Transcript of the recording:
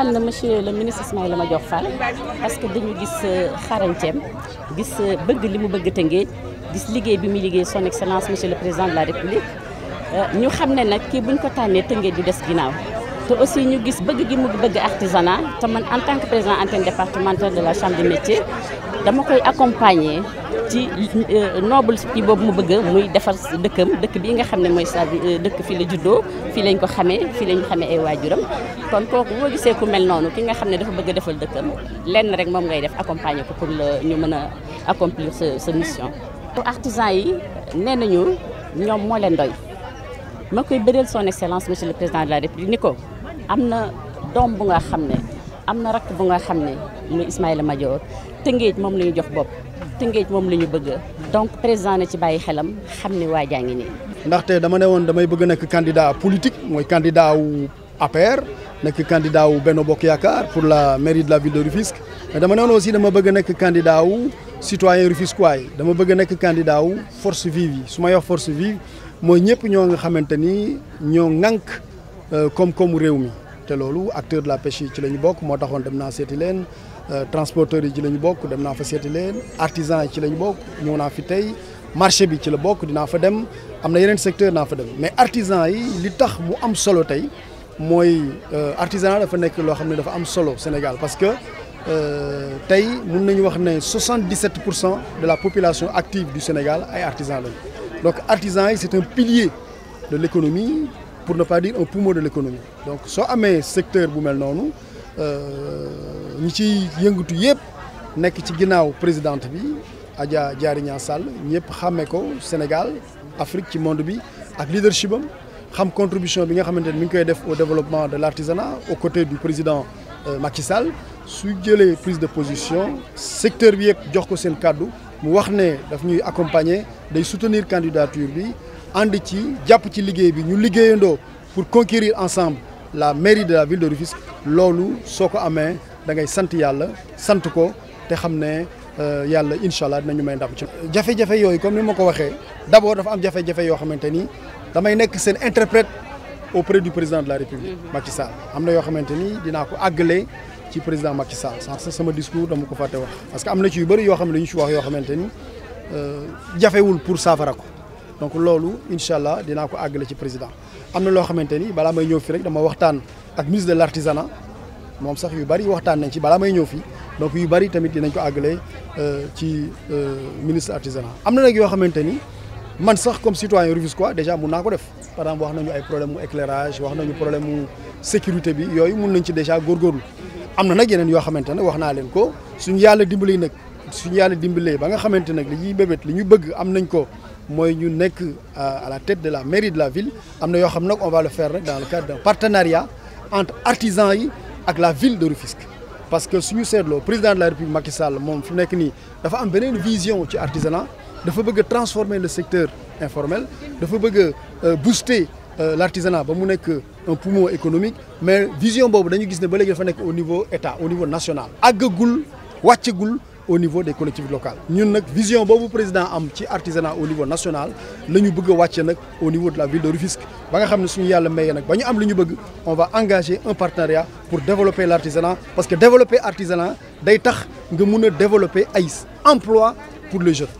tànn monsieur le ministre Ismaïla Madior Fall parce que dañu gis euh, xarañteem gis euh, bëgg li mu bëgg Tëngéej gis liggéey bi muy liggéey son excellence monsieur le président de la république euh, ñu xam ne nag kii buñ ko tànnee Tëngéej du des ginnaaw te aussi ñu gis bëgg gi mu bëgg artisanat te man en tant que président antenne départementale de la chambre des métiers dama koy accompagner ci euh, noble yi boobu mu bëgg muy defar dëkkam dëkk bi nga xam ne mooy sa euh, dëkk fii la juddoo fii lañ ko xamee fii lañ xamee ay waajuram kon kooku boo gisee ku mel noonu ki nga xam ne dafa bëgg a defal dëkkam lenn rek moom ngay def accompagner ko pour la ñu mën a accomplir sa sa mission. artisan yi nee nañu ñoom moo leen doy ma koy bëreel son excellence monsieur le président de la république ni ko am na doom bu nga xam ne am na rakk bu nga xam ne muy Ismaïla Madior Tëngéej moom la ñu jox bopp. Tëngéej moom la ñu bëgg donc président na ci bàyyi xelam xam ne waa jaa ngi nii. ndaxte dama ne woon damay bëgg nekk candidat politique mooy candidat wu APR nekk candidat wu Benno Bokk Yaakaar pour la mairie de la ville de Rufisque mais dama ne woon aussi dama bëgg nekk candidat wu citoyen rufisquois dama bëgg nekk candidat wu force vive yi su ma wax force vive mooy ñëpp ñoo nga xamante ni ñoo ŋànk comme euh, comme réew mi te acteur de la pêche ci lañu bok mo taxone dem na séti len euh, transporteurs yi ci lañu bok dem na fa séti len artisans yi ci la ñu bokk fi tay marché bi ci la bok dina fa dem amna yeneen secteur na fa dem mais artisans yi li tax mu am solo tey mooy euh, artisanat dafa nek lo xamne dafa am solo Sénégal parce que euh, tay mun nañ wax né 77 de la population active du Sénégal ay artisans donc artisans yi c'est un pilier de l'économie pour ne pas dire au poumon de l'économie donc soo un secteur bu euh, présidente bi Adja Sénégal Afrique ci monde bi leadership contribution au développement de l'artisanat aux côtés du président euh, Macky Sall su les prise de position secteur bi jox ko accompagner candidature bi ànd ci jàpp ci liggéey bi ñu pour conquérir ensemble la mairie de la ville de Rufisque loolu Soko ko amee da ngay sant yàlla sant ko te xam ne euh, yàlla incha allah dinañu may ndam ci. jafe-jafe yooyu comme ni ma ko waxee d'abord dafa am jafe-jafe yoo xamante ni damay interprète auprès du président de la république mhm. Macky Sall am na yoo xamante ni dinaa ko àggale ci président Macky Sall sans sama discours dama ko fàtte wax parce que am na ci yu bëri yoo xam ne dañu ci wax yoo xamante euh, pour saafara donc loolu incha allah dinaa ko àggale ci président am na loo xamante ni balaa may ñëw fii rek dama waxtaan ak ministre de l' artisanat moom sax yu bëri waxtaan nañ ci balaa may ñëw fii donc yu bari tamit dinañ ko àggale euh, ci euh, ministre artisanat am na nag yoo xamante ni man sax comme citoyen rufisquois déjà mun naa ko def par wax nañu ay problème mu éclairage wax nañu problème mu sécurité bi yooyu mun nañ ci déjà góorgóorlu am na nag yeneen yoo xamante ne wax naa leen ko suñu yàlla dimbali nag suñu yàlla dimbalee ba nga xamante nag li ñuy bébét li ñu bëgg am nañ ko nous ñu euh, à la tête de la mairie de la ville am on va le faire dans le cadre d'un partenariat entre artisans et la ville de Rufisque parce que suñu le président de la république Macky Sall moom une vision ci artisanat dafa faut transformer le secteur informel il bëgg euh, booster euh, l'artisanat pour mu un poumon économique mais vision nous au niveau état au niveau national àggagul au niveau des collectivités locales avons une vision le président am ci artisanat au niveau national Nous bëgg au niveau de la ville de Rufisque ba nga on va engager un partenariat pour développer l'artisanat. parce que développer l'artisanat, day tax développer un emploi pour les jeunes